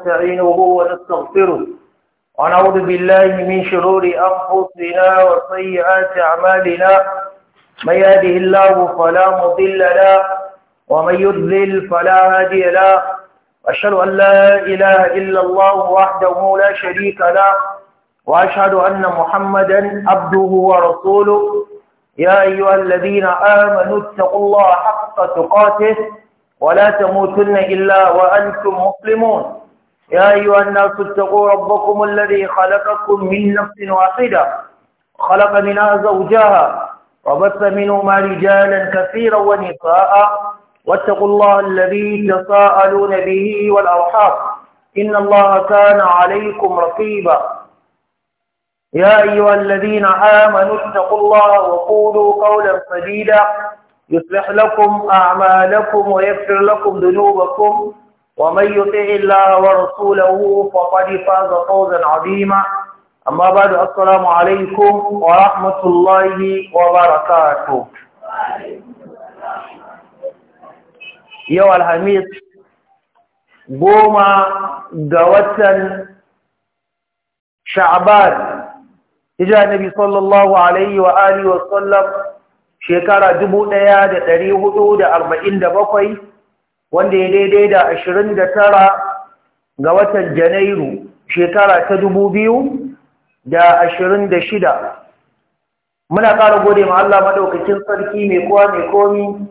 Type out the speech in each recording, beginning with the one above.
نستعينه ونستغفره ونعوذ بالله من شرور أنفسنا وسيئات أعمالنا من يهده الله فلا مضل له ومن يضلل فلا هادي له أشهد أن لا إله إلا الله وحده لا شريك له وأشهد أن محمدا عبده ورسوله يا أيها الذين آمنوا اتقوا الله حق تقاته ولا تموتن إلا وأنتم مسلمون يا أيها الناس اتقوا ربكم الذي خلقكم من نفس واحدة خلق منها زوجها وبث منهما رجالا كثيرا ونساء واتقوا الله الذي تساءلون به والأرحام إن الله كان عليكم رقيبا يا أيها الذين آمنوا اتقوا الله وقولوا قولا سديدا يصلح لكم أعمالكم ويغفر لكم ذنوبكم ومن يطع الله ورسوله فقد فاز فوزا عظيما اما بعد السلام عليكم ورحمه الله وبركاته يا الحميد بوما غوتا شعبان جاء النبي صلى الله عليه واله وسلم شكرا جبوده يا 147 wanda ya daidai da ashirin da tara ga watan janairu shekara ta dubu biyu da ashirin da shida muna ƙara gode ma Allah maɗaukakin sarki mai kowa mai komi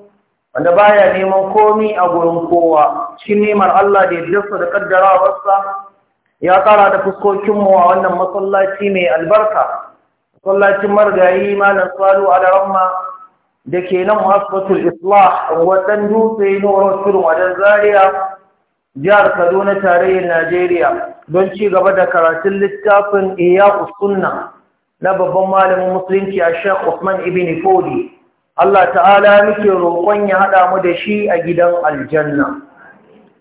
wanda baya neman komi a gurin kowa cikin neman Allah da yaddarsa da kaddarawarsa ya ƙara da fuskokinmu a wannan masallaci mai albarka masallacin marigayi malam salu ramma. da ke nan hospital islah wadan dutse na hospital wadan zaria jihar kaduna tarayyar najeriya don ci gaba da karatun littafin iya sunna na babban malamin musulunci a shek usman ibn fodi allah ta'ala muke roƙon ya haɗa mu da shi a gidan aljanna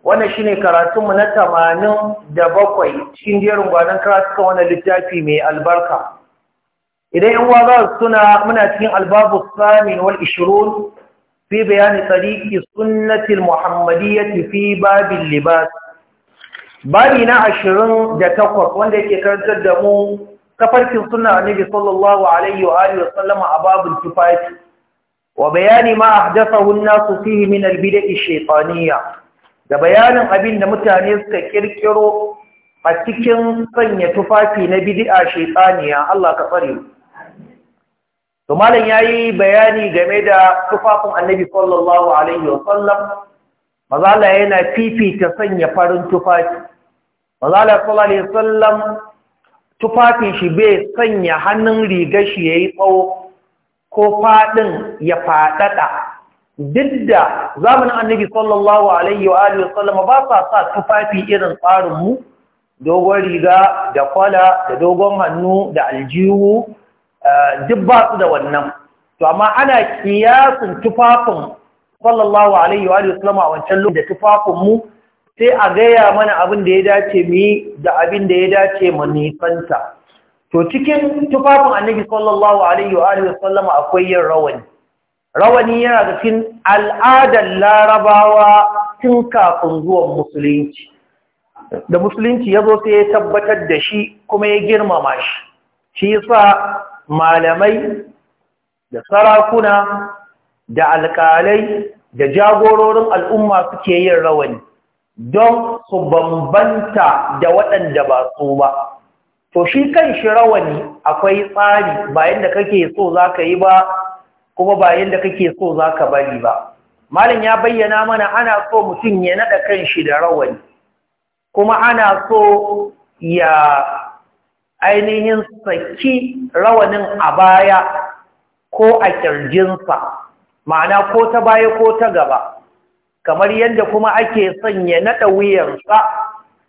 wannan shine karatunmu na tamanin da bakwai cikin jerin gwanon karatuka wannan littafi mai albarka idan yan waza suna muna cikin albabu samin wal ishirun fi bayani tsariki sunnatil muhammadiyyati fi babin libas babi na ashirin da takwas wanda yake karantar da mu tafarkin suna annabi sallallahu alaihi wa alihi wasallama a babin tufafi wa bayani ma ahdathahu an-nasu fihi min al-bid'i shaytaniyya da bayanin abin da mutane suka kirkiro a cikin sanya tufafi na bid'a shaytaniya Allah ka tsare mu to malam yayi bayani game da tufafin annabi sallallahu alaihi wasallam maza Allah yana fifita sanya farin tufafi mazala sallallahu alaihi wasallam tufafin shi bai sanya hannun rigar shi yayi tsawo ko fadin ya fadada duk da zamanin annabi sallallahu alaihi wa alihi wasallama ba sa sa tufafi irin tsarinmu dogon riga da kwala da dogon hannu da aljihu duk ba su da wannan to amma ana kiyasin tufafin sallallahu alaihi wa sallama a wancan lokacin da tufafin mu sai a gaya mana abin da ya dace mu da abin da ya dace mu nisanta to cikin tufafin annabi sallallahu alaihi wa sallama akwai yin rawani rawani yana da cikin al'adar larabawa tun kafin zuwan musulunci da musulunci ya zo sai ya tabbatar da shi kuma ya girmama shi shi yasa malamai da sarakuna da alƙalai da jagororin al'umma suke yin rawani don su bambanta da waɗanda ba su ba. To shi kan shi rawani akwai tsari bayan da kake so za ka yi ba kuma bayan da kake so za ka bari ba. Malin ya bayyana mana ana so mutum ya naɗa kan shi da rawani, kuma ana so ya ainihin saki rawanin a baya ko a kirjinsa ma'ana ko ta baya ko ta gaba kamar yadda kuma ake sanya naɗa sa,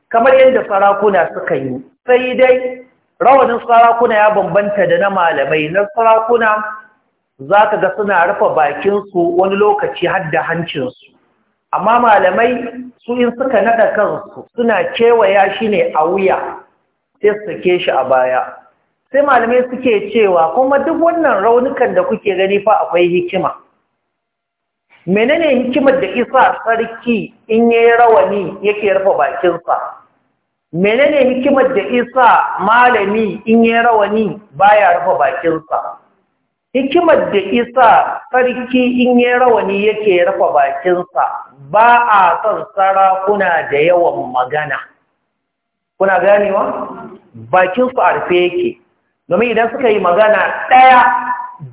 kamar yadda sarakuna suka yi sai dai rawanin sarakuna ya bambanta da na malamai na sarakuna za ka ga suna rufe bakinsu wani lokaci har da hancinsu amma malamai su in suka naɗa kansu suna kewaya shi ne a wuya sassake shi a baya sai malamai suke cewa kuma duk wannan raunukan da kuke gani fa akwai hikima menene hikimar da isa sarki in yayi rawani yake rufe bakinsa menene hikimar da isa malami in yayi rawani baya rufe bakinsa hikimar da isa sarki in yayi rawani yake rufe bakinsa ba a son sarakuna da yawan magana kuna ganewa bakin su arfe yake domin idan suka yi magana ɗaya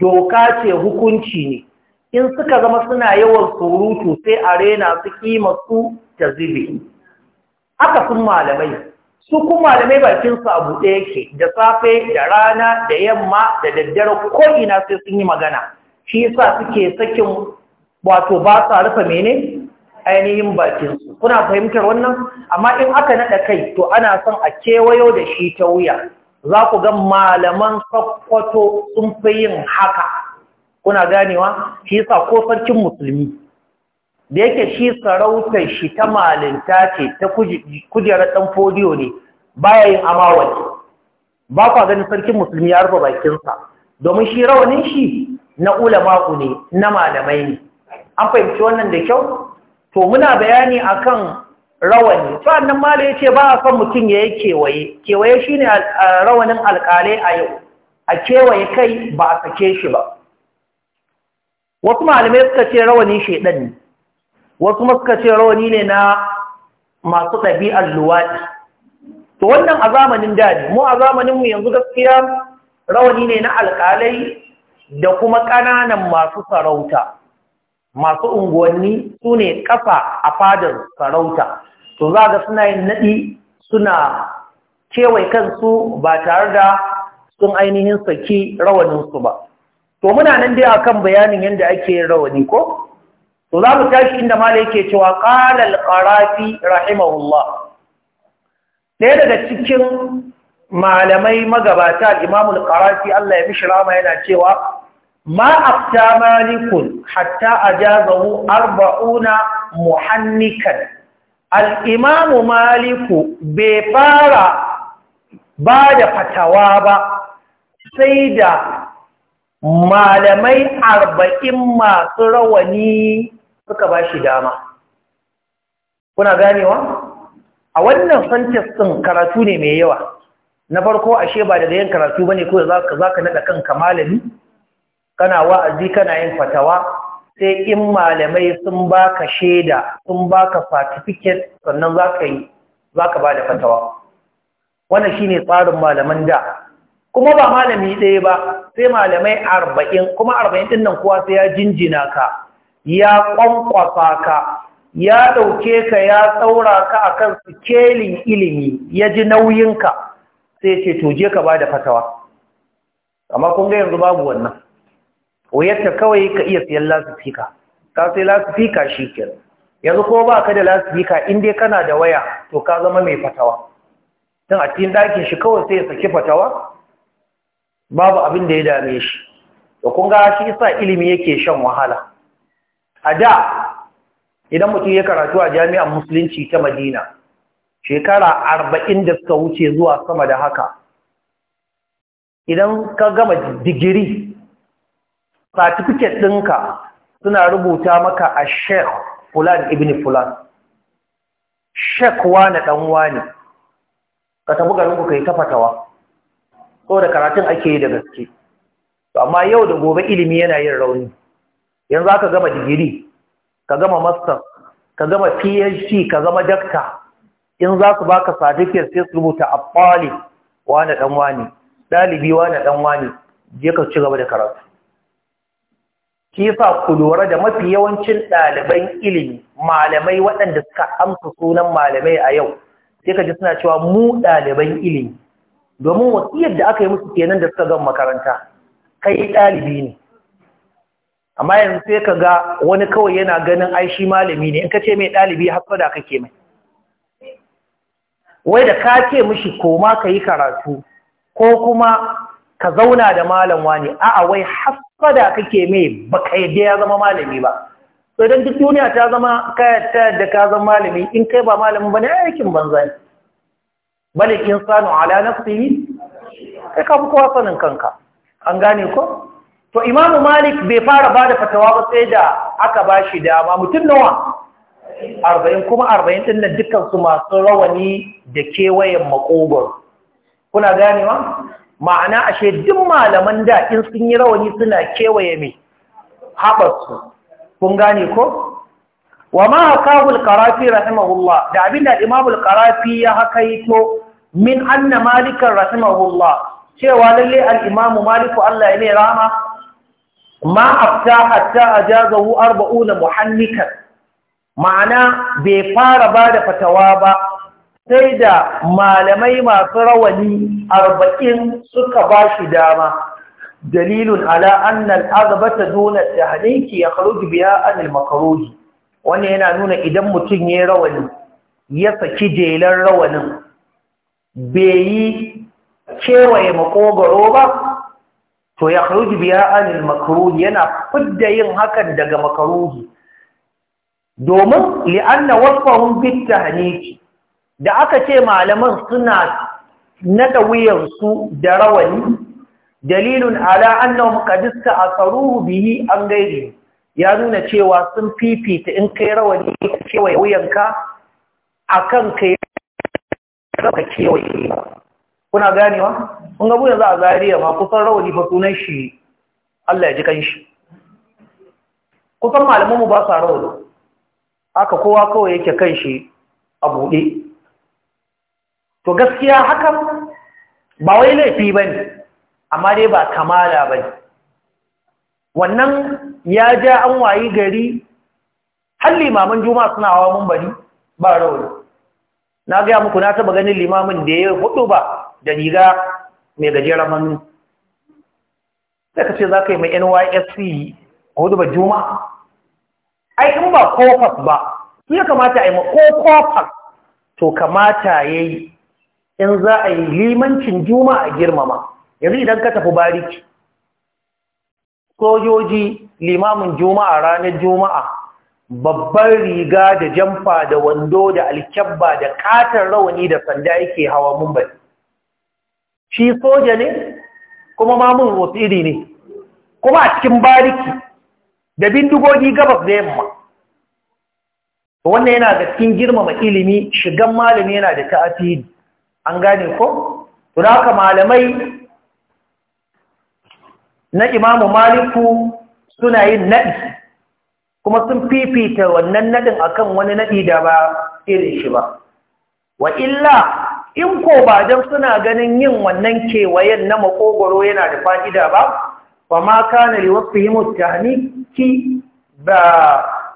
doka ce hukunci ne in suka zama suna yawan surutu sai arena rena su kima su ta zube. aka sun malamai su kuma malamai bakinsu a buɗe yake da safe da rana da yamma da daddare ko ina sai sun yi magana shi yasa suke sakin wato ba sa rufe mene ainihin bakinsu kuna fahimtar wannan amma in aka naɗa kai to ana son a kewayo da shi ta wuya za ku ga malaman sakkwato sun fi yin haka kuna ganewa shi sa ko sarkin musulmi da yake shi sarautar shi ta malinta ce ta kujerar ɗan fodiyo ne baya yin ba kwa ganin sarkin musulmi ya rufe bakinsa domin shi rawanin shi na ku ne na malamai ne an fahimci wannan da kyau to muna bayani akan rawani sannan mala ya ce ba a son mutum ya yi kewaye kewaye shi ne rawanin alƙalai a yau a kewaye kai ba a sake shi ba wasu malamai suka ce rawani shaidan ne wasu suka ce rawani ne na masu ɗabi'ar luwaɗi to wannan a zamanin da ne, mu a zamaninmu yanzu gaskiya rawani ne na alƙalai da kuma ƙananan masu sarauta masu unguwanni su ne kafa a fadar sarauta to za ga suna yin naɗi suna kewaye kansu ba tare da sun ainihin saki rawaninsu ba to muna nan dai akan bayanin yadda ake rawani ko to za mu tashi inda mala yake cewa ƙalal ƙarafi rahimahullah ɗaya daga cikin malamai magabata imamul ƙarafi Allah ya fi rama yana cewa ma afta malikun hatta ajazahu arba'una muhannikan al'imamu maliku bai fara bada fatawa ba sai da malamai arba'in masu rawani suka ba shi dama kuna ganewa a wannan fantas ɗin karatu ne mai yawa na farko ashe ba da dayan karatu ba ne ko za ka naɗa kanka malami kana wa'azi kana yin fatawa sai in malamai sun baka shaida sun baka certificate sannan zaka yi zaka bada fatawa wannan shine tsarin malaman da kuma ba malami ɗaya ba sai malamai arba'in kuma arba'in ɗin nan kowa sai ya jinjina ka ya ƙwanƙwafa ka ya ɗauke ka ya tsaura ka a kan sikelin ilimi ya ji nauyinka sai ce to je ka ba da fatawa amma kun ga yanzu babu wannan wayarta kawai ka iya siyan lasifika ka sai lasifika shi ke yanzu ko ba ka da lasifika in dai kana da waya to ka zama mai fatawa don a cikin ɗakin shi kawai sai ya saki fatawa babu abin da ya dame shi da kun ga shi isa ilimi yake shan wahala a da idan mutum ya karatu a jami'an musulunci ta madina shekara arba'in da suka wuce zuwa sama da haka idan ka gama digiri certificate ɗinka suna rubuta maka a sheikh fulan ibn fulan sheikh wane ɗan wani ka tafi garinku ka yi tafatawa. fatawa so da karatun ake yi da gaske amma yau da gobe ilimi yana yin rauni yanzu aka gama digiri ka gama master ka gama phd ka zama dakta in za su baka certificate sai su rubuta a wane ɗan wani ɗalibi wane ɗan wani, je ka ci gaba da karatu shi yasa ku lura da mafi yawancin ɗaliban ilimi malamai waɗanda suka amsa sunan malamai a yau sai ka ji suna cewa mu ɗaliban ilimi domin wasiyar da aka yi musu kenan da suka gan makaranta kai ɗalibi ne amma yanzu sai ka ga wani kawai yana ganin ai shi malami ne in ka ce mai ɗalibi haka da kake mai wai da ka ce mishi koma ka yi karatu ko kuma ka zauna da malam wani a'a wai hasada kake mai baka yadda ya zama malami ba Sai idan duk duniya ta zama kaya ta yadda ka zama malami in kai ba malamin bane aikin banza ne bal insanu ala nafsihi kai ka fi kowa sanin kanka an gane ko to imamu malik bai fara ba da fatawa ba sai da aka ba shi dama mutum nawa arba'in kuma arba'in ɗin nan dukkansu masu rawani da kewayen makogoro kuna ganewa ma'ana ashe duk malaman da in sun yi rawani suna kewaye mai haɓarsu kun gane ko wa ma hakahul qarafi rahimahullah da abinda imamul qarafi ya hakaito min anna malikan rahimahullah cewa lalle al'imamu maliku Allah ya ne rama ma afta hatta ajazahu arba'una muhannikan ma'ana bai fara bada fatawa ba sai da malamai masu rawani arba'in suka ba shi dama dalilun ala annal azbata duna hadinki ya kharuji biya anil makruhi wannan yana nuna idan mutum yi rawani ya saki jelar rawanin bai yi kewaye makogaro ba to ya kharuji biya anil makruhi yana fidda yin hakan daga makaroji domin li'anna wasfahum bit tahniki da aka ce malaman suna naɗa wuyansu da rawani dalilun ala annahum qad ista'saruhu bihi an gairi ya nuna cewa sun fifita in kai rawani ka kewaye wuyanka akan kai ka kewaye kuna ganewa kun ga buyan za a zariya ma kusan rawani fa sunan shi Allah ya ji kanshi kusan malaman mu ba sa rawani haka kowa kawai yake kanshi a buɗe to gaskiya hakan ba wai laifi ba ne amma dai ba kamala ba ne wannan ya ja an wayi gari har limamin juma suna hawa mun bari ba rauni na gaya muku na taba ganin limamin da ya hudu ba da riga mai gajeren hannu sai ka ce za ka yi mai nysc hudu ba juma ai in ba kofas ba su ya kamata a yi ma ko kofas to kamata ya yi in za a yi limancin juma'a girmama yanzu idan ka tafi bariki sojoji limamin juma'a ranar juma'a babban riga da jamfa da wando da alkyabba da katon rawani da sanda yake hawa mumbai shi soja ne kuma mamun rotiri ne kuma a cikin bariki da bindigogi gabas da yamma wannan yana da cikin girmama ilimi shigan malami yana da ta'asiri an gane ko to da malamai na imamu maliku suna yin naɗi kuma sun fifita wannan naɗin akan wani naɗi da ba irin shi ba wa illa in ko ba don suna ganin yin wannan kewayen na makogoro yana da fa'ida ba ba ma kana mutane ki? ba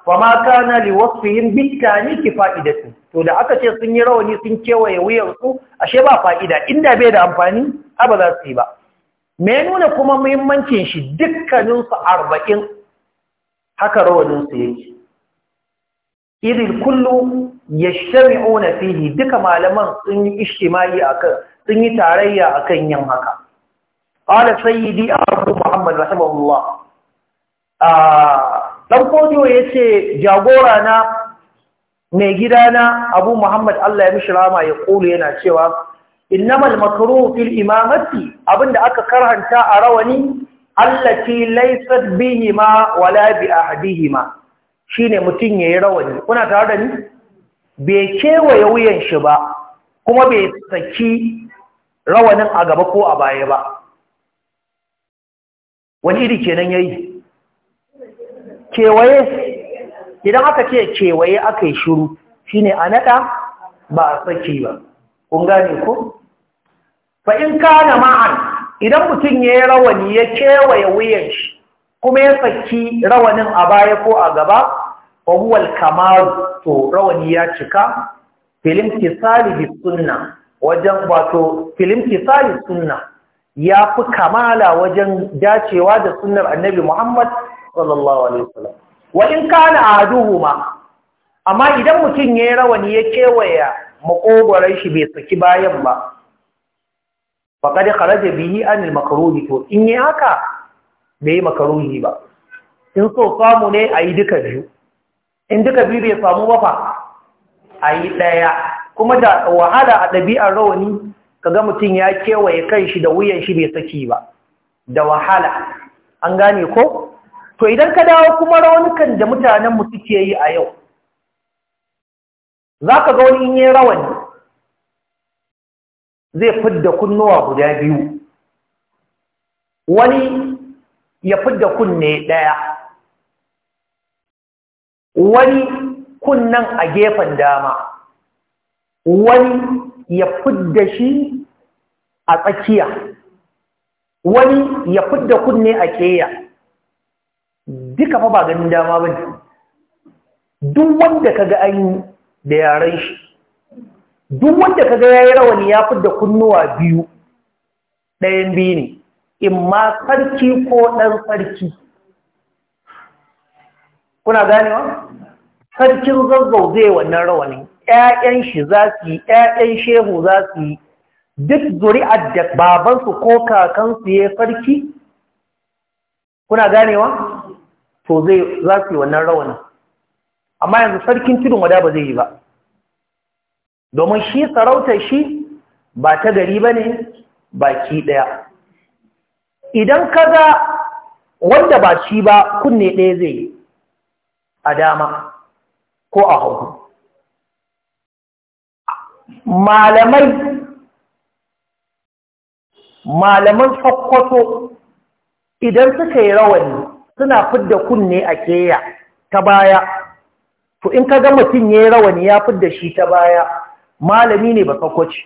ba ma kana ne bitaniki fa’idatun to da aka ce sun yi rawani sun kewaye wuyarsu ashe ba fa'ida inda bai da amfani ba za su yi ba me nuna kuma muhimmancin shi dukkaninsu arba'in haka rawaninsu yake idil kullum ya shari ona fili duka malaman sun yi ishtimai a sun yi tarayya a kan yin haka ƙwada sayidi abu muhammad rahimahullah ɗan ah, kodiyo ya ce jagora na mai gidana abu muhammad Allah ya mishi rama ya kulu yana cewa innamal makaru fil imamati abinda aka karanta a rawani allati laysat bihima wala bi ahadihima shine mutun yayi rawani kuna tare da ni bai kewaye wuyan shi ba kuma bai saki rawanin a gaba ko a baya ba wani iri kenan yayi kewaye idan aka ce kewaye aka yi shuru shine a naɗa ba a sake ba kun gane ko fa’in kana ma'an idan mutum ya yi rawani ya kewaye wuyan shi kuma ya saki rawanin a baya ko a gaba fa kamar to rawani ya cika Filin kisali bi sunna wajen wato Filin kisali sunna ya fi kamala wajen dacewa da sunnar annabi Muhammad sallallahu alaihi wasallam wa in duhu ma. amma idan mutum ya yi rawani ya kewaya makogoron shi bai saki bayan ba ba da biyi an anil makruhi to in yi haka bai yi makruhi ba in so samu ne a yi duka biyu in duka biyu bai samu ba fa a yi ɗaya kuma da wahala a ɗabi'ar rawani ka ga mutum ya kewaye kan shi da wuyan shi bai saki ba da wahala an gane ko to idan ka dawo kuma raunukan da mutanenmu suke yi a yau za ka ga wani in yi rawani zai fidda kunnuwa guda biyu wani ya fidda kunne ɗaya wani kunnan a gefen dama wani ya fidda shi a tsakiya wani ya fidda kunne a keya duka fa ba ganin dama ba ne duk wanda ka an yi da yaren shi duk wanda kaga ya yi rawani ya fi da kunnuwa biyu ɗayan biyu ne in ma sarki ko ɗan sarki kuna ganewa sarkin zazzau zai wannan rawani, ‘ya'yan shi za su yi ‘ya'yan shehu za su yi duk zuri'ar da babansu ko kakansu ya sarki kuna ganewa to zai za su yi wannan rawanin amma yanzu sarkin tudun wada ba zai yi ba domin shi sarautar shi ba ta gari ba ne baki ɗaya idan ka ga wanda ba shi ba kunne ɗaya zai yi a dama ko a hau malamai malaman sokoto idan suka yi rawani suna fidda kunne a keya ta baya to in ka gama mutum ya yi rawani ya fidda shi ta baya malami ne ba sakwaci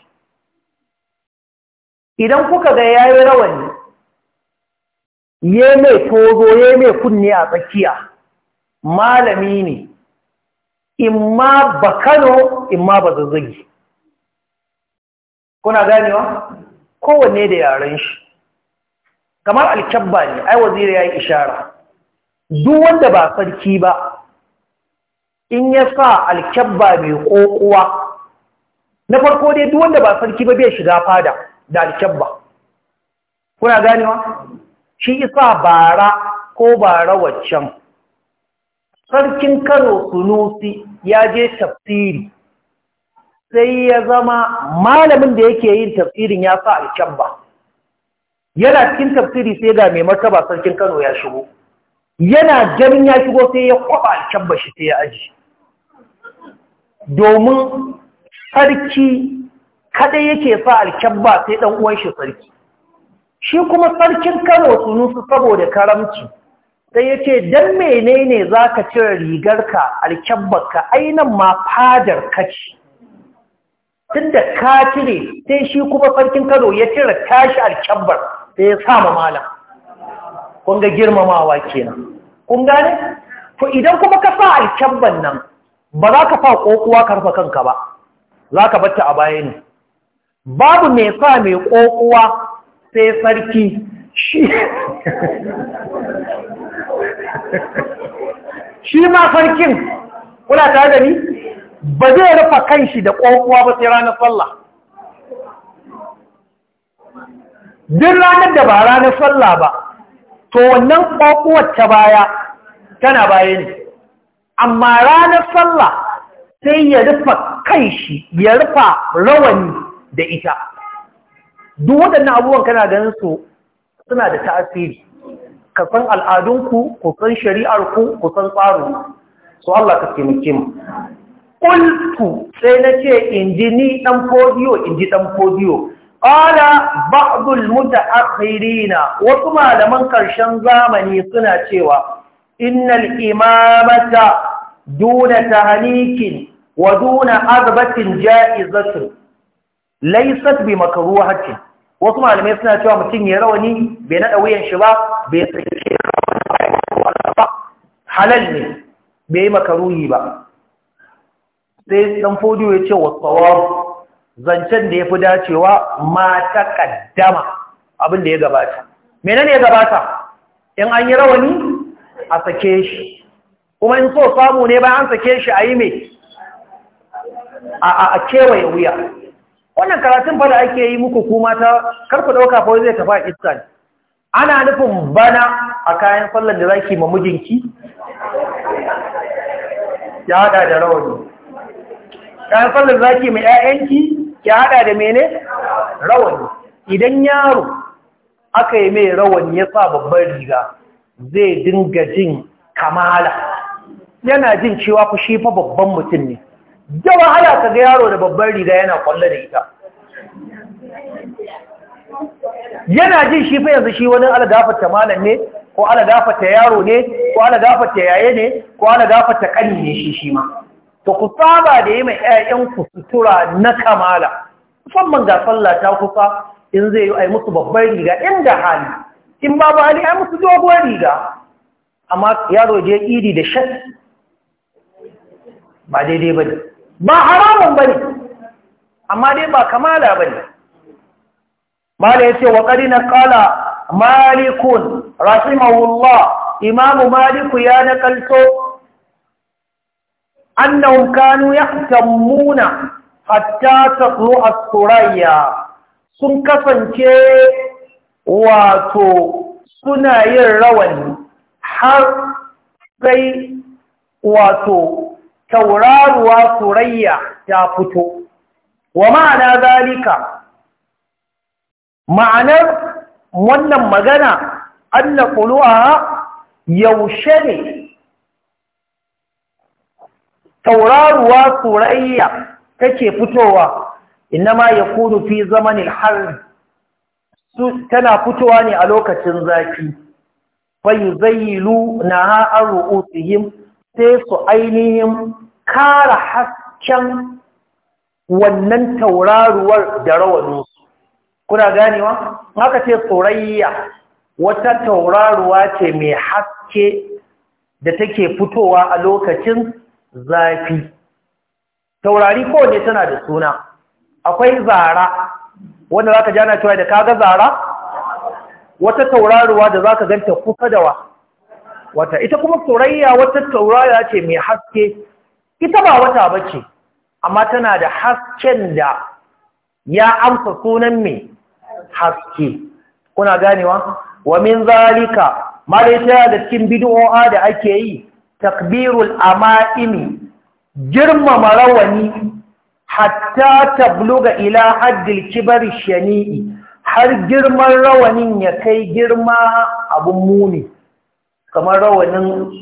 idan kuka ga ya yi rawani ya mai tozo ya mai kunne a tsakiya malami ne In ma ba kano in ma ba zazzagi kuna ganewa kowanne da yaren shi kamar alkyabba ne ai waziri ya yi ishara duk wanda ba sarki ba in ya sa alkyabba mai ƙoƙuwa na farko dai duk wanda ba sarki ba bai shiga fada da alkyabba kuna ganewa shi isa bara ko bara waccan sarkin kano sunusi ya je tafsiri sai ya zama malamin da yake yin tafsirin ya sa alkyabba yana cikin tafsiri sai ga mai martaba sarkin kano ya shigo yana ganin ya shigo sai ya kwaba alkyabba shi sai ya aji domin sarki kada yake sa alkyabba sai ɗan uwan shi sarki shi kuma sarkin kano sunusu saboda karamci sai ya 'Dan menene za ka cire rigarka alkyabbarka ainihin ma fadar kaci tun da ka cire sai shi kuma sarkin kano ya cire tashi alkyabbar sai ya ma malam kun ga girmamawa kenan kun gane to idan kuma ka sa alkyabban nan ba za ka fa kokuwa karfa kanka ba za ka bata a baya ne babu mai sa mai kokuwa sai sarki shi shi ma sarkin kuna tare da ba zai rufa kanshi da kokuwa ba sai ranar sallah duk ranar da ba ranar sallah ba to wannan ƙwaƙuwar ta baya tana baya ne amma ranar sallah sai ya rufa kai shi ya rufa rawani da ita duk waɗannan abubuwan kana ganin su suna da tasiri kasan al'adunku ku san shari'arku ku san tsarin su Allah ka taimake mu sai na ce in ji ni ɗan fodiyo in ji ɗan fodiyo Ƙala ba'dul mutaakhirina wasu malaman ƙarshen zamani suna cewa innal imamata duna tahnikin wa duna azbatin ja'izatu laysat bi makruhatin wasu malamai suna cewa mutum ya rawani bai naɗa wuyan shi ba bai tsike halal ne bai makaruhi ba sai dan fodiyo ya ce wa tsawab zancen da ya fi dacewa ma ta kaddama abin da ya gabata menene ya gabata in an yi rawani a sake shi kuma in so samu ne bayan an sake shi a yi mai a kewaye wuya wannan karatun fada ake yi muku kuma ta karku ɗauka fa zai tafi a istan ana nufin bana a kayan sallar da zaki ma mijinki ya haɗa da rawani kayan sallar zaki mai 'ya'yanki ya haɗa da mene rawani idan yaro aka yi mai rawani ya sa babbar riga zai dinga jin kamala yana jin cewa ku shifa babban mutum ne Jawa wahala ka ga yaro da babbar riga yana kwallo da ita yana jin shifa yanzu shi wani algafata malam ne ko algafata yaro ne ko algafata yaye ne ko algafata kani ne shi shi ma to ku saba da yi mai ‘ya'yanku sutura na kamala musamman ga sallah ta kusa in zai yi musu babbar riga inda hali in ba hali a musu dogon riga amma yaro je idi da shat ba daidai ba ne ba haramun ba ne amma dai ba kamala ba ne mala ya ce wa ƙari na ƙala malikun rasimahullah imamu maliku ya naƙalto annahum kanu yahtammuna hatta taqlu as-suraya sun kasance wato suna yin rawani har sai wato tauraruwa Suraya ta fito wa ma'ana zalika ma'anar wannan magana anna quluha yaushe ne tauraruwa surayya take fitowa innama yakunu fi zamanil su tana fitowa ne a lokacin zafi fayuzayyilu naha an sai su ainihin kara hasken wannan tauraruwar da rawaninsu kuna ganewa haka ce tsorayya wata tauraruwa ce mai haske da take fitowa a lokacin zafi taurari kowane tana da suna akwai zara wanda za ka ji ana cewa da kaga zara wata tauraruwa da za ka ganta kusa da wa wata ita kuma taurariya wata taurariya ce mai haske ita ba wata ba ce amma tana da hasken da ya amsa sunan mai haske kuna ganewa wa min zalika ma da cikin bid'o'a da ake yi takbirul ama'imi girmama rawani hatta tabluga ila haddil kibari shani'i har girman rawanin ya kai girma abun muni kamar rawanin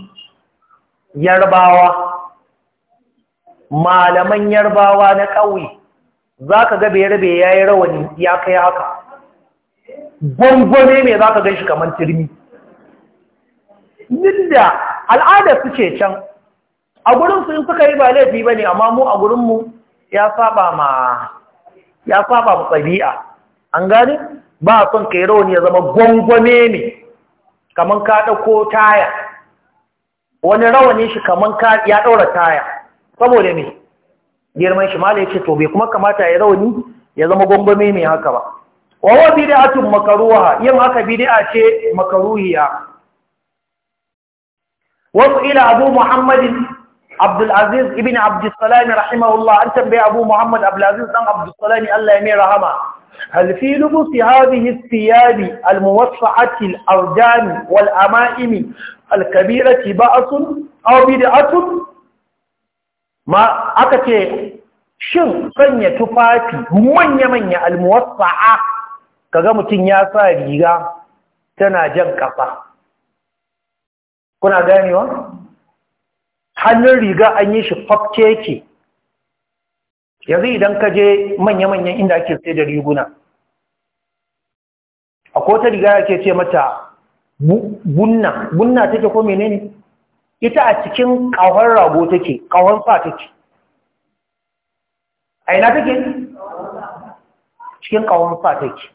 yarbawa malaman yarbawa na ƙauye za ka ga bere ya yi rawani ya kai haka gwangwane mai za ka gan shi kamar turmi inda al'adar su ce can a gurinsu in suka yi ba laifi ba ne amma mu a gurinmu ya saba ma ya saba tsabi'a an gani ba son kai rauni ya zama gwangwame ne kaman ka ɗauko taya wani rawani shi kaman ya ɗaura taya saboda me girman shi mala yace to bai kuma kamata ya rauni ya zama gwangwame ne haka ba wa wa bid'atun makruha yin haka a ce makaruhiya wasu ila abu muhammadin abdulaziz ibn abdulsalami rahimahullah an tambaye abu muhammad abdulaziz dan abdulsalami allah ya mai rahama هل في لبس هذه الثياب الموسعة الأرجان والأمائم الكبيرة بأس أو بدعة ما أكت شن سن يتفاتي من يمن الموسعة كغمت ياسا ريغا تنا جنكسا kuna ganewa hannun riga an yi shi fafce yake yanzu idan ka je manya-manyan inda ake sai da riguna a kota riga ake ce mata gunna gunna take ko ne? ita a cikin kawon rago take kawon sa take a ina take cikin kawon sa take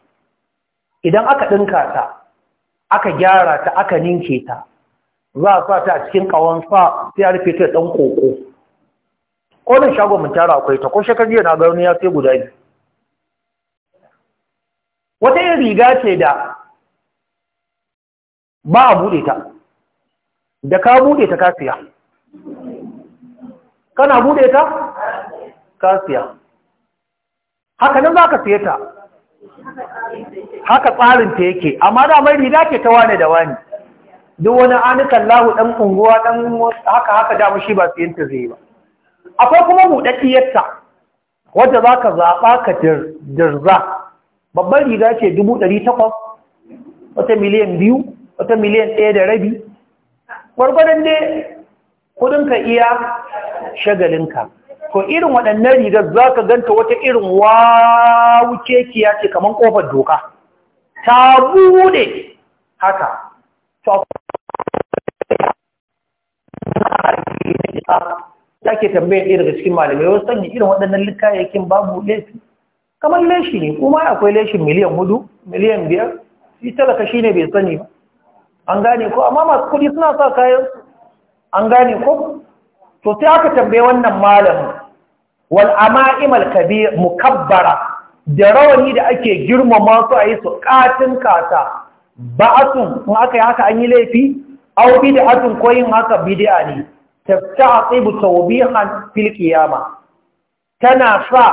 idan aka ɗinka ta aka gyara ta aka ninke ta za a sa ta a cikin ƙawon sa sai a rufe ta ɗan ƙoƙo ƙonin shagon mun tara akwai ta ko shekar jiya na ga wani ya sai guda biyu wata yin riga ce da ba a buɗe ta da ka buɗe ta kasiya kana buɗe ta kasiya haka nan za ka siye ta haka tsarin ta yake amma da mai riga ce ta wane da wani duk wani anikan lahu ɗan unguwa ɗan haka haka dama shi ba siyanta zai ba akwai kuma buɗaɗɗiyarta wadda za ka zaɓa ka dirza babban riga ce dubu ɗari takwas wata miliyan biyu wata miliyan ɗaya da rabi gwargwadon dai kudinka iya shagalinka ko irin waɗannan riga za ka ganta wata irin wawukekiya ce kamar ƙofar doka ta buɗe haka Yake na kitab da ke tambayar ɗaya daga cikin malamai wasu sanya irin waɗannan kayayyakin babu laifi kamar leshi ne kuma akwai leshin miliyan hudu miliyan biyar shi talaka shi ne bai sani ba an gane ko amma masu kudi suna sa kayan an gane ko to sai aka tambaye wannan malamin wal ama'imal kabi mukabbara da rawani da ake girmama su a yi su katin kata ba'atun in aka yi haka an yi laifi au bid'atun ko yin haka bid'a ne tasta'tibu tawbihan fil qiyama tana sa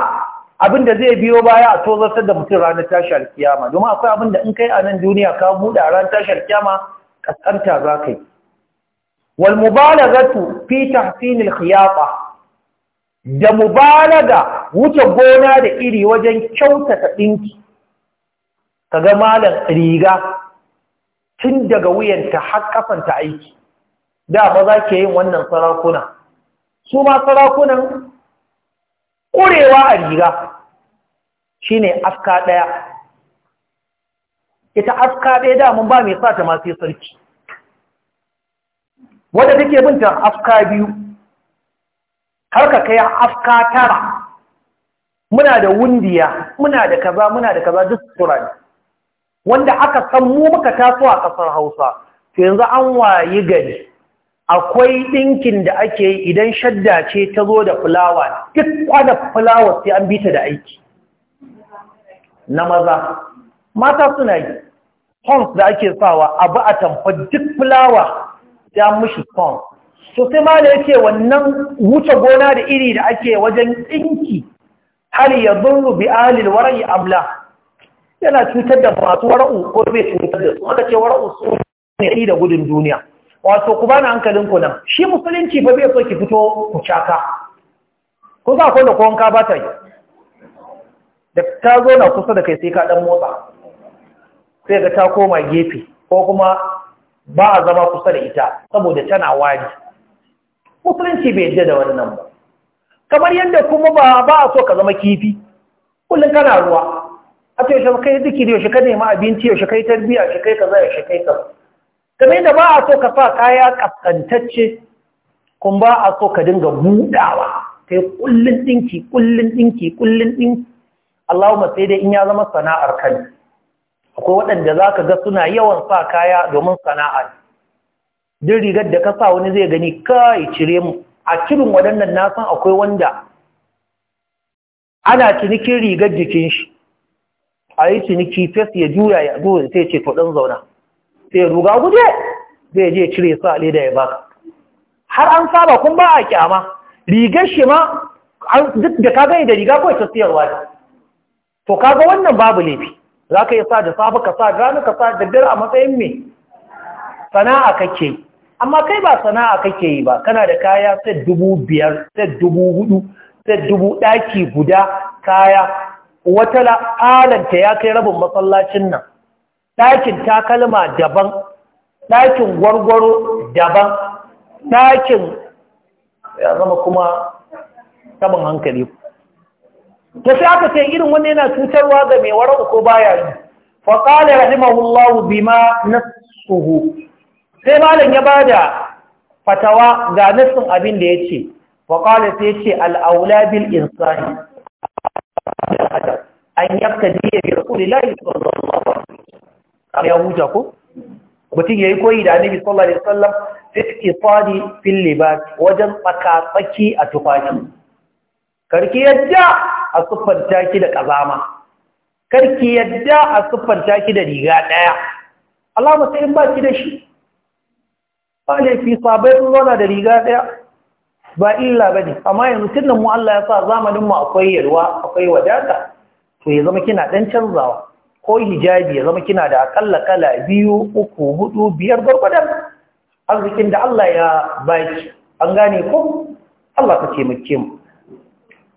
abinda zai biyo baya a tozartar da mutum ranar tashar kiyama domin akwai abinda in kai a nan duniya ka buɗe a tashar kiyama kaskanta za ka yi wal mubalaghatu fi tahsinil khiyafa da mubalaga wuce gona da iri wajen kyautata ɗinki kaga malam riga tun daga wuyanta har kafanta aiki da maza ke yin wannan sarakuna su ma sarakunan ƙurewa a riga shi ne afka ɗaya ita afka ɗaya da damun ba mai sa ta masu sarki wadda take binta afka biyu har ka kai afka tara muna da wundiya muna da kaza muna da kaza duk turani wanda aka san mu muka taso a ƙasar hausa yanzu an wayi gari akwai ɗinkin da ake yi idan shadda ce ta zo da fulawa duk kwada fulawa sai an bita da aiki na maza mata suna yi pons da ake sawa abu a tamfa duk fulawa ya mushi pons so sai ma da yake wannan wuce gona da iri da ake wajen ɗinki har ya zurru bi alil wara'i abla yana cutar da masu wara'u ko bai cutar da su aka ce wara'u su ne da gudun duniya wato ku bani hankalin ku nan shi musulunci ba bai so ki fito ku caka ko za ku da kowanka ba ta yi da ta zo na kusa da kai sai ka dan motsa sai ga ta koma gefe ko kuma ba a zama kusa da ita saboda tana wari musulunci bai yadda da wannan ba kamar yadda kuma ba ba a so ka zama kifi kullum kana ruwa a ce shi kai zikiri yaushe ka nemi abinci yaushe kai tarbiya yaushe kai kaza yaushe kai kaza kamar da ba a so ka sa kaya kaskantacce kuma ba a so ka dinga budawa kai kullun dinki kullun dinki kullun ɗinki. Allahumma sai dai in ya zama sana'ar ne akwai waɗanda za ka ga suna yawan sa kaya domin sana'a duk rigar da ka sa wani zai gani kai cire mu a cikin waɗannan na san akwai wanda ana cinikin rigar jikin shi a yi ciniki fes ya juya ya zuwa sai ce to ɗan zauna sai ruga guje zai je cire su da ya ba har an saba kun ba a kyama rigar shi ma da ka gani da riga kawai ta siyarwa ne to kaga wannan babu laifi za ka yi sa da sabu ka sa rana ka sa da dare a matsayin mai sana'a kake yi amma kai ba sana'a kake yi ba kana da kaya set dubu biyar set dubu hudu sai dubu ɗaki guda kaya wata la'alanta ya kai rabin masallacin nan ɗakin takalma daban ɗakin gwargwaro daban ɗakin ya zama kuma saman hankali ta sai aka ce irin wani yana cutarwa ga mai warar ko baya yi faƙalar rahimahullahu bima suhu. sai malam ya bada fatawa ga nufin abin da ya ce faƙalar sai ce al'aula bil insani an yabta diya bi rasulillahi sallallahu alaihi amma ya huta ko mutum yi koyi da annabi sallallahu alaihi wasallam fit ifadi fil libas wajen tsaka tsaki a tufafi karki yadda a siffanta ki da kazama karki yadda a siffanta ki da riga daya Allah sai in ba ki da shi ba fi sabai sun zauna da riga daya ba illa ba amma yanzu tun mu Allah ya sa mu akwai yalwa akwai wadata to ya zama kina dan canzawa ko hijabi ya zama kina da akalla kala biyu uku hudu biyar gwargwadon arzikin da Allah ya baki an gane ku Allah ka taimake mu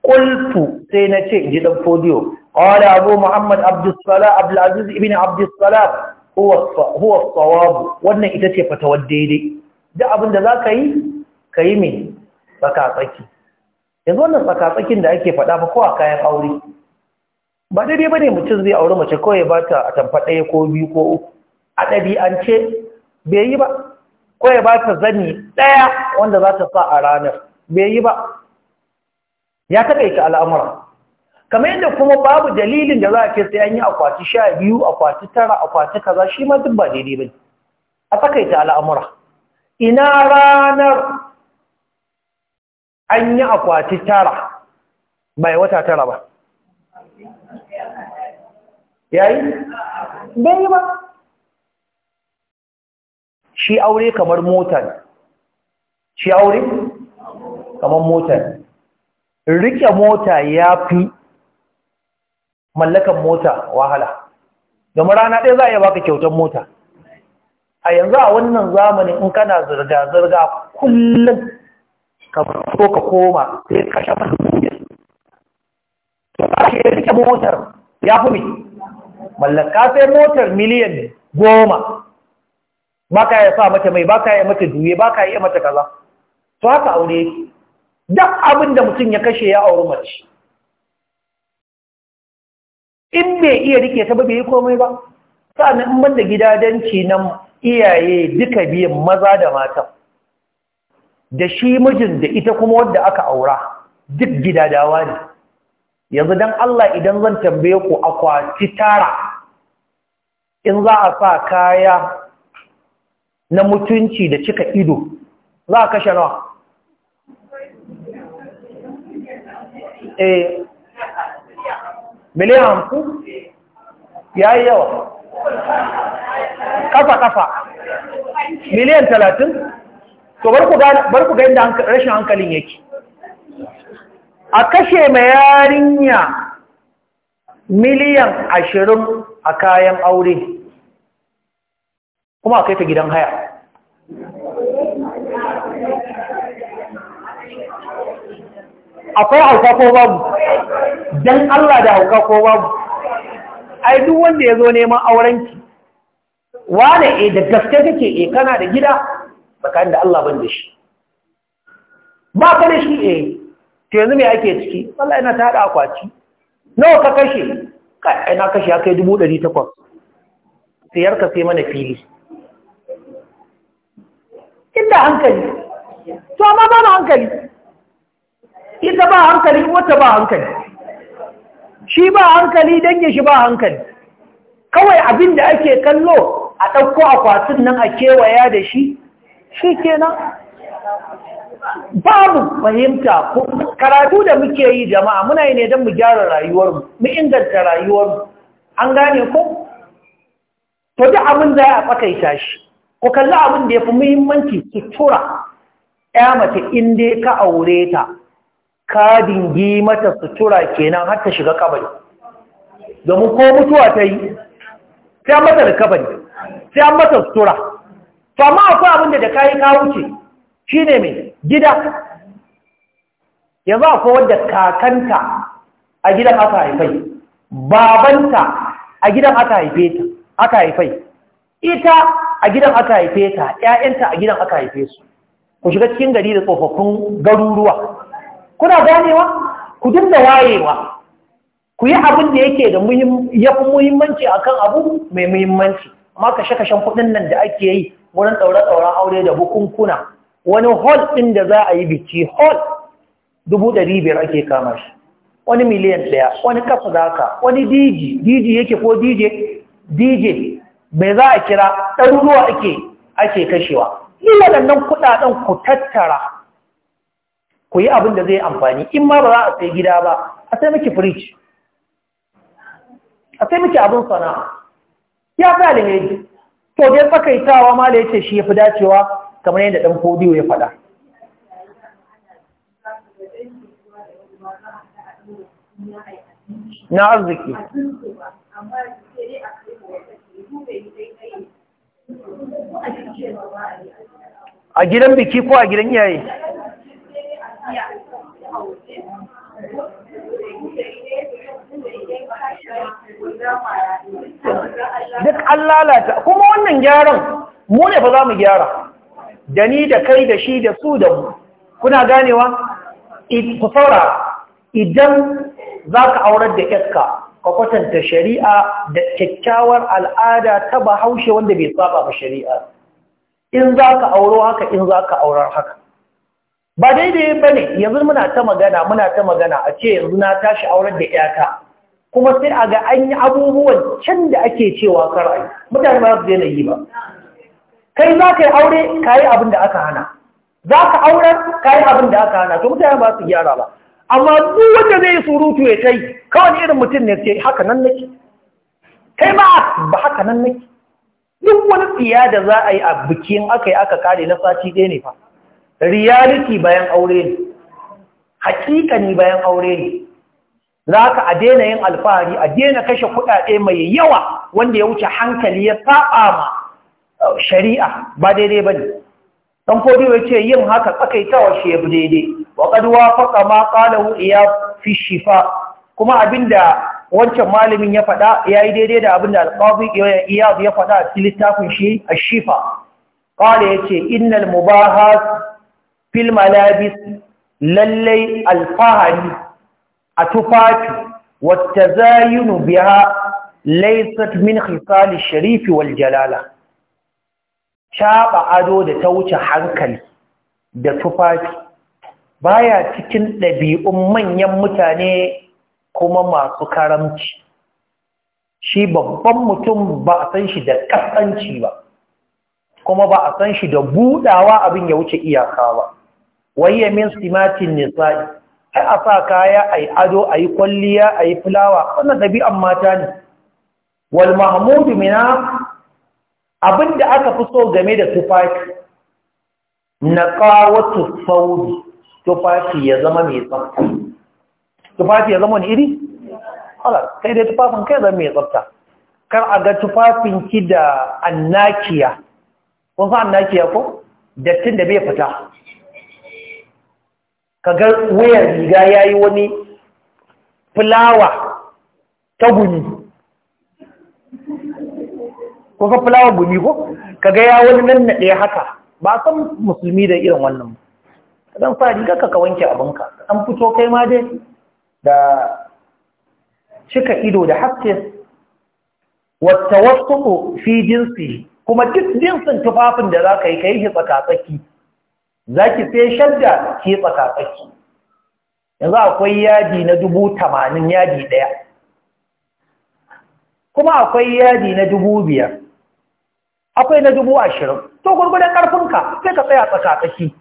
qultu sai na ce inji dan fodiyo qala abu muhammad abdussalam abdul aziz ibn abdussalam huwa huwa sawab wannan ita ce fata daidai da abin da zaka yi kayi me tsaka tsaki yanzu wannan tsaka tsakin da ake faɗa ba ko a kayan aure ba daidai ba ne mutum zai auri mace kawai ba ta a tamfa ɗaya ko biyu ko uku a ɗabi'ance bai yi ba kawai ba ta zani ɗaya wanda za ta sa a ranar bai yi ba ya taɓa taƙaita al'amura kamar yadda kuma babu dalilin da za a ke sai an yi akwati sha biyu akwati tara akwati kaza shi ma duk ba daidai ba ne. a tsakaita al'amura ina ranar an yi akwati tara bai wata tara ba yayi bai ba shi aure kamar motar shi aure kamar mota ne rike mota ya fi mallakan mota wahala domin rana ɗaya za a yi baka kyautar mota a yanzu a wannan zamanin in kana zirga-zirga kullum ka so ka koma sai ka shafa dubu to za ka iya rike motar ya fi mai mallaka sai motar miliyan goma ba ka iya sa mata mai ba ka iya mata duye ba ka yi mata kaza to haka aure yake duk abin da mutum ya kashe ya auri mace in bai iya rike ta ba bai yi komai ba sa'annan in banda gidadanci nan iyaye duka biyan maza da mata da shi mijin da ita kuma wanda aka aura duk dawa ne yanzu dan Allah idan zan tambaye ku akwati tara in za a sa kaya na mutunci da cika ido za a kashe nawa eh miliyan hamsin ya yi yawa kafa-kafa miliyan talatin to bar ku ga inda rashin hankalin yake a kashe mai yarinya miliyan ashirin a kayan aure kuma a kai ta gidan haya akwai hauka ko babu don Allah da hauka ko babu ai duk wanda ya zo neman aurenki wane e da gaske kake e kana da gida tsakanin da Allah ban da shi ba ka shi e to yanzu mai ake ciki wallahi ina ta haɗa akwati nawa ka kashe kai ina kashe yi 1800 sayar ka sai mana fili inda hankali to amma ba hankali ita ba hankali wata ba hankali shi ba hankali dangin shi ba hankali kawai abin da ake kallo a ɗauko akwatin nan a kewaya da shi shi kenan babu fahimta ko karatu da muke yi jama'a muna yi ne don mu gyara rayuwarmu mu inganta rayuwarmu an gane ko to duk abin da ya tsakaita shi ko kalli abin da ya fi muhimmanci sutura ya mace in dai ka aure ta ka dingi mata sutura kenan har ta shiga kabari domin ko mutuwa ta yi sai an mata da kabari sai an mata sutura to amma akwai abin da da yi ka wuce shine mai gida yanzu akwai wadda kakanta a gidan aka haifai babanta a gidan aka haife ta aka haifai ita a gidan aka haife ta ƴaƴanta a gidan aka haife su ku shiga cikin gari da tsofaffin garuruwa kuna ganewa ku dinga wayewa ku yi abin da yake da yafi muhimmanci akan abu mai muhimmanci amma kashe-kashen kuɗin nan da ake yi wurin ɗaura-ɗauran aure da bukunkuna wani hall ɗin da za a yi biki hall dubu ɗari biyar ake kama shi wani miliyan ɗaya wani kafa za ka wani dj dj yake ko dj dj mai za a kira ɗaruruwa ake ake kashewa ni waɗannan kuɗaɗen ku tattara ku yi abin da zai amfani in ma ba za a sai gida ba a sai miki fridge a sai miki abin sana'a ya fi alheri to dai tsakaitawa ma da yace shi ya fi dacewa kamar yadda ɗan fodiyo ya faɗa na arziki a gidan biki ko a gidan iyaye duk an lalata kuma wannan gyaran mu ne fa za mu gyara da ni da kai da shi da su da mu kuna ganewa ku saura idan za ka aurar da 'yarka, ka kwatanta shari'a da kyakkyawar al'ada ta bahaushe wanda bai saba ba shari'a in za ka auro haka in za ka aurar haka ba daidai ba ne yanzu muna ta magana muna ta magana a ce yanzu na tashi aurar da yata kuma sai a ga an yi abubuwan can da ake cewa karayi mutane ba su daina yi ba kai za ka yi aure ka yi abin da aka hana za ka aurar ka yi abin da aka hana to mutane ba su gyara ba amma duk wanda zai yi surutu ya kai kawai irin mutum ne ce haka nan nake kai ma ba haka nan nake duk wani tsiya da za a yi a bikin aka yi aka kare na sati ɗaya ne fa reality bayan aure ne hakikani bayan aure ne za ka a daina yin alfahari a daina kashe kuɗaɗe mai yawa wanda ya wuce hankali ya saɓa ma shari'a ba daidai ba ne ɗan kodiyo ya ce yin haka tsakaitawa shi ya fi daidai wa ƙaduwa faƙa ma ƙalahu iya fi shifa kuma abinda wancan malamin ya faɗa ya yi daidai da abinda alƙawar iya ya faɗa a cikin littafin shi a shifa ƙala ya ce innal mubahas fil malabis lallai alfahari a tufafi wata zayinu biya laisat min khisali sharifi wal jalala caɓa ado da ta wuce hankali da tufafi baya cikin ɗabi'un manyan mutane kuma masu karamci shi babban mutum ba a san shi da ƙasanci ba kuma ba a san shi da buɗawa abin ya wuce iyaka ba wayye min simatin nisa'i ai a sa kaya ai ado ai kwalliya ai fulawa wannan ɗabi'an mata ne wal mahmudu mina abinda aka fi so game da tufafi na kawo sauri tufafi ya zama mai tsafta tufafi ya zama wani iri? hala kai dai tufafin kai zama mai tsafta kar a ga tufafin ki da annakiya kun san annakiya ko? dattin da bai fita ka ga wayar riga ya yi wani fulawa ta guni ko ka fulawa gumi ko ga ya wani nan na ɗaya haka ba san musulmi da irin wannan ba. dan fara riga ka ka wanke abinka an fito kai ma dai da cika ido da haske wata wasu fi jinsi kuma duk jinsin tufafin da za ka yi ka yi shi tsakatsaki za ki sai shadda ki tsakatsaki yanzu akwai yadi na dubu tamanin yadi ɗaya kuma akwai yadi na dubu biyar akwai na dubu ashirin to gurgudan ƙarfinka sai ka tsaya tsakatsaki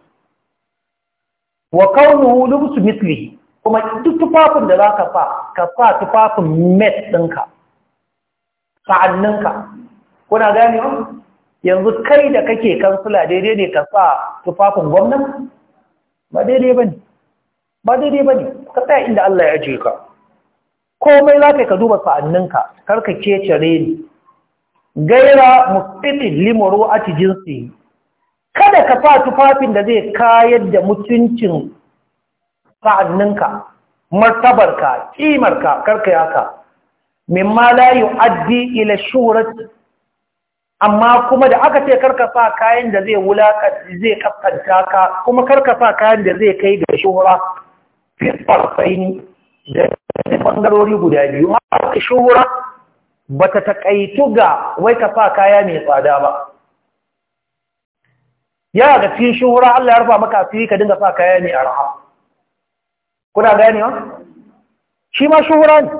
wa kaunuhu lubsu mitli kuma duk tufafin da za ka fa ka fa tufafin met ɗinka sa'anninka kuna gane yanzu kai da kake kansula daidai ne ka sa tufafin gwamnan ba daidai ba ne ba daidai ba ne ka tsaya inda Allah ya ce ka komai za ka ka duba sa'anninka kar ka kecere ni gaira mufidin limoro a jinsi kada ka fa tufafin da zai kayar da mutuncin sa'anninka martabarka kimarka, karka min ma la yu'addi ila shuhrat amma kuma da aka ce karka sa kayan da zai wulaka zai kaskanta ka kuma karka sa kayan da zai kai ga shura. fi farfaini da bangarori guda biyu ma shura? ba ta taƙaitu ga wai ka sa kaya mai tsada ba yana ga cikin shuhura Allah ya rufa maka asiri ka dinga sa kaya mai arha kuna ne wa? shi ma shuhura ne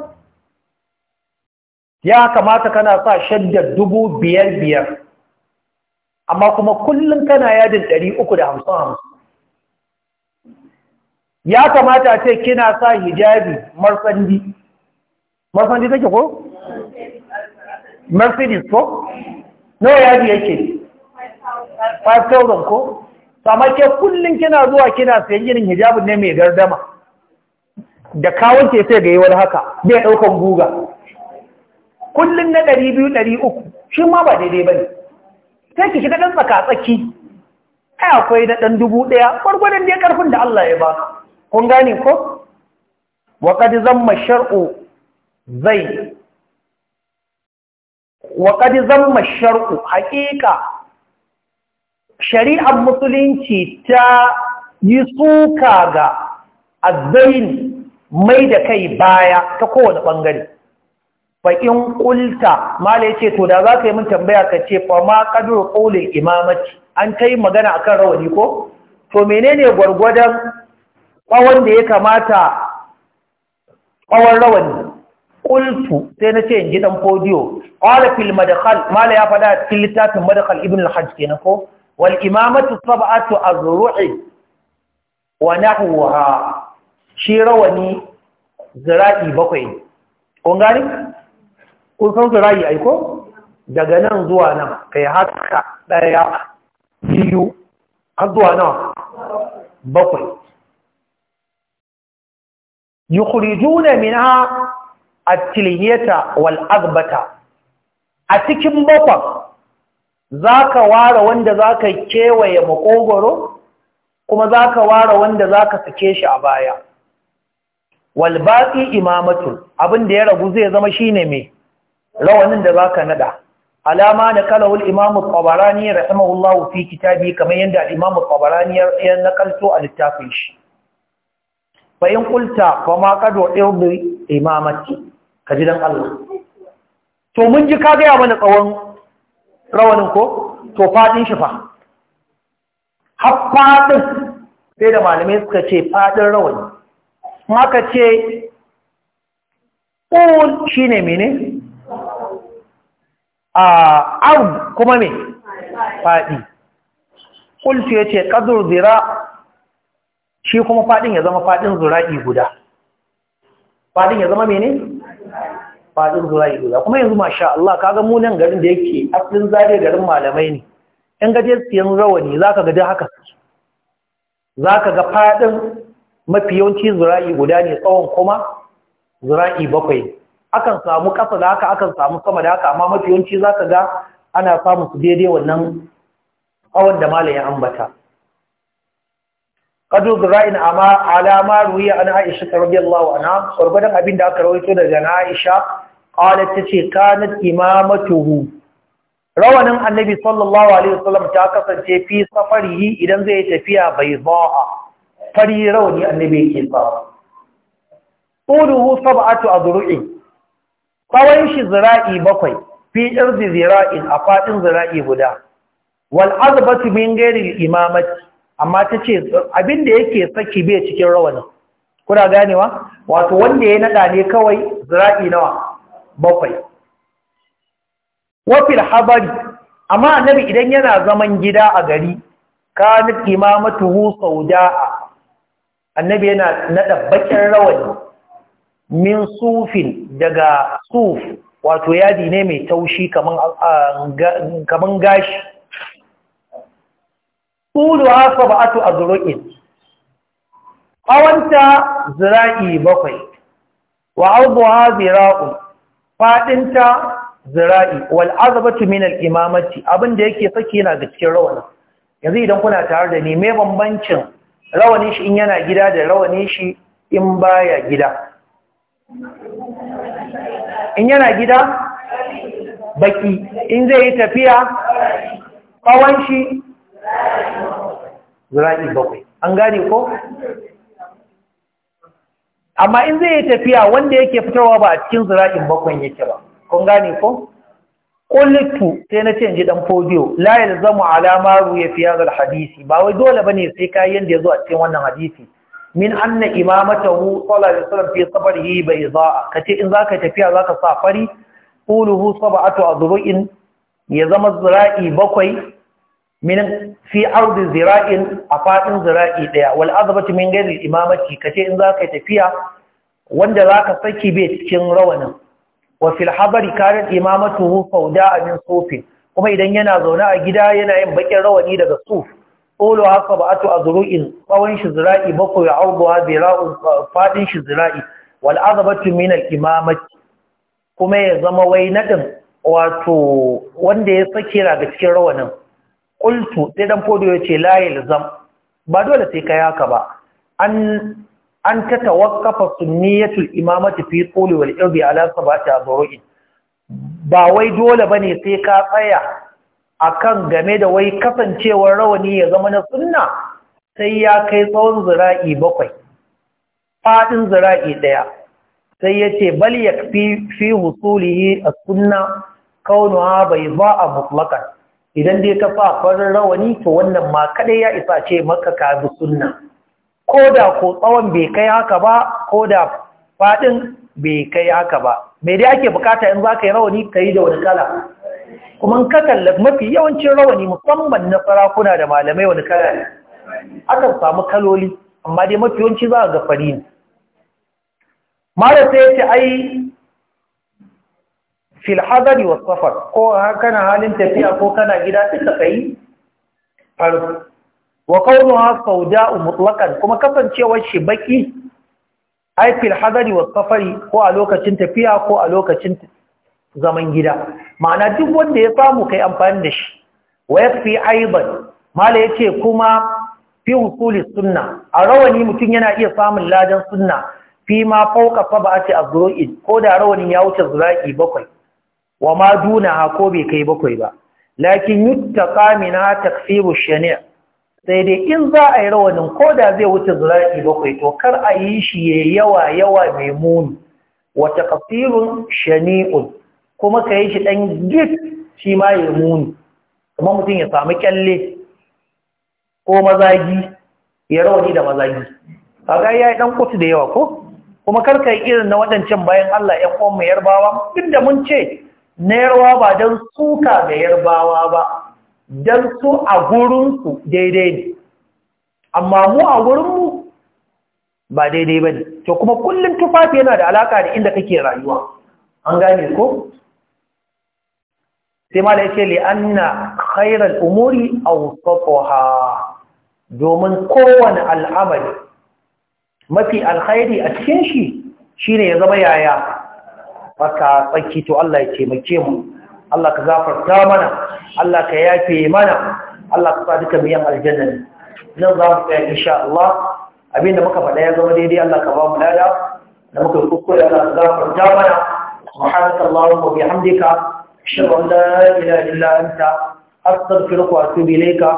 ya kamata kana sa shaddar dubu biyar biyar amma kuma kullum kana yadin ɗari uku da hamsin hamsin ya kamata ce kina sa hijabi marsandi marsandi take ko mercedes ko nawa yaji yake 5000 ko amma ke kullum kina zuwa kina sayan irin hijabin ne mai gardama da kawon ke sai ga yi wani haka bai ɗaukan guga kullum na 200-300 shi ma ba daidai ba ne sai ki shiga ɗan tsaka-tsaki ai akwai na ɗan dubu ɗaya gwargwadon da ya ƙarfin da Allah ya ba kun gane ko waƙad zan shar'u zai wa zan mashar shar'u Haƙiƙa shari'ar musulunci ta yi suka ga azzain mai da kai baya ta kowane ɓangare. fa ƙulta qulta ya ce to da za ka yi min tambaya ka ce fa ma ƙadar qawli imamaci an kai magana a kan rawani ko to menene gwargwadon tsawon da ya kamata tsawon rawani qultu sai na ce in ji dan fodiyo qala fil madkhal mala ya fada cikin littafin madkhal ibn al-hajj kenan ko wal imamatu sab'atu azru'i wa nahwaha shi rawani zira'i bakwai kun gani kun san zira'i ai ko daga nan zuwa nan kai haka daya biyu har zuwa nan bakwai yukhrijuna minha atilhiyata wal azbata a cikin bakon zaka ware wanda zaka kewaye makogoro kuma zaka ware wanda zaka sake shi a baya wal baqi imamatu abin da ya ragu zai zama shine me rawanin da zaka nada alama na kalawul imam al-qabarani rahimahullahu fi kitabi kamar yanda imam al-qabarani ya nakalto a littafin shi fa in qulta fa ma qad irbi imamati ka ji don Allah to mun ji ka gaya mana tsawon rawanin ko to faɗin shi fa har faɗin sai da malamai suka ce faɗin rawani maka ce ƙun shi ne mene a arm kuma me faɗi ƙul ya ce ƙazur zira shi kuma faɗin ya zama faɗin zura'i guda faɗin ya zama mene Faɗin zura guda, kuma yanzu masha Allah kaga mu nan garin da yake asalin zabe garin malamai ne in gaje siyan rawani za ga gaji haka su? Za ka ga fadin mafi yawanci zura'i guda ne tsawon kuma zura'i bakwai akan samu kasa da haka akan samu sama da haka amma mafi yawanci ka ga ana samu su daidai wannan tsawon da malamin ambata kadu zura'in amma alama ruwiya an aisha radiyallahu anha gurbadan abin da aka rawaito daga Aisha qalat tace kanat imamatuhu rawanin annabi sallallahu alaihi wasallam ta kasance fi safarihi idan zai tafiya bai za'a fari rawani annabi yake sa quluhu sab'atu adru'i tsawon shi zira'i bakwai fi irdi zira'in a fadin zira'i guda wal azbatu min ghairi imamati amma tace abinda yake saki bai cikin rawanin kuna ganewa wato wanda ya nada ne kawai zira'i nawa bakwai wafil habari amma annabi idan yana zaman gida a gari kanat imamatuhu da'a, annabi yana nada bakin rawani min sufin daga suf wato yadi ne mai taushi kamar gashi tuluwa a zuru'in awanta zira'i bakwai wa arduha zira'un faɗinta zira'i wal azabatu min al imamati abinda yake sake yana ga cikin rawani. yanzu idan kuna tare da ni me bambancin rawanin shi in yana gida da rawanin shi in baya gida in yana gida baki in zai yi tafiya tsawon shi zira'i bakwai an gane ko amma in zai yi tafiya wanda yake fitowa ba a cikin zira'in bakon yake ba kun gane ko qultu sai na ce in ji dan fodiyo la yalzamu ala ma ruya fi hadisi ba wai dole bane sai kai yanda yazo a cikin wannan hadisi min anna imamatahu sallallahu alaihi wasallam fi sabrihi Ka ce in zaka tafiya zaka sa fari quluhu sab'atu adru'in ya zama zira'i bakwai min fi ardi zira'in a fadin zira'i daya wal azbatu min ghairi imamati kace in zaka yi tafiya wanda zaka saki bai cikin rawanin wa fil habari kanat imamatuhu fawda'a min sufin kuma idan yana zaune a gida yana yin bakin rawani daga suf qulu haka ba'atu azru'in tsawon shi zira'i bakwai arduha zira'un fadin shi zira'i wal azbatu min al imamati kuma ya zama wainadin wato wanda ya sake daga cikin rawanin Ƙultu, sai dan fodo yace la yalzam ba dole sai kai haka ba an an tatawaqqafa sunniyatul imamati fi quli wal irdi ala sabati in? ba wai dole bane sai ka tsaya A kan game da wai kasancewar rawani ya zama na sunna sai ya kai tsawon zira'i bakwai faɗin zira'i ɗaya. sai yace bal yakfi fi husulihi as-sunna kaunuha bayda'a mutlaqan idan dai ka fa farin rawani to wannan ma kadai ya isa ce maka ka bi sunna ko da ko tsawon bai kai haka ba ko da faɗin bai kai haka ba mai dai ake bukata in za ka yi rawani ka yi da wani kala kuma in ka kalla mafi yawancin rawani musamman na sarakuna da malamai wani kala ne akan samu kaloli amma dai mafi yawanci za a ga fari ne mara sai ya ce ai fil hadari was safar ko kana halin tafiya ko kana gida duka kai farko wa kaunuha sauda'u mutlaqan kuma kasancewar shi baki ai fil hadari was safari ko a lokacin tafiya ko a lokacin zaman gida ma'ana duk wanda ya samu kai amfani da shi wa yafi aiban mala yace kuma fi husuli sunna a rawani mutum yana iya samun ladan sunna fi ma fauka ce azru'id ko da rawanin ya wuce zura'i bakwai wa ma ha ko bai kai bakwai ba lakin yuttaqa kamina takfiru shani' sai dai in za a yi rawanin ko da zai wuce zuraki bakwai to kar a yi shi ya yawa yawa mai muni wa takfirun shani'un kuma ka yi shi ɗan git shi ma ya muni kuma mutum ya samu kyalle ko mazagi ya rawani da mazagi kaga ya yi ɗan kutu da yawa ko kuma karka yi irin na waɗancan bayan Allah ‘yan uwan yarbawa duk da mun ce na ba don suka ga yarbawa ba don su a gurinsu daidai ne amma mu a gurinmu ba daidai ba ne to kuma kullum tufafi yana da alaka da inda kake rayuwa an gane ko sai da yake li umuri a umuri awsatuha domin kowane al'amari mafi alkhairi a cikin shi shi ne ya zama yaya haka tsaki to Allah ya taimake mu Allah ka gafarta mana Allah ka yafe mana Allah ka duka miyan aljanna ne nan za mu tsaya insha Allah abinda muka faɗa ya zama daidai Allah ka ba mu lada da muka kukkure Allah ka gafarta mana subhanaka allahumma wa bihamdika ashhadu an la ilaha illa anta astaghfiruka wa atubu ilayka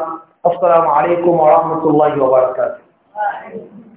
assalamu alaikum wa rahmatullahi wa barakatuh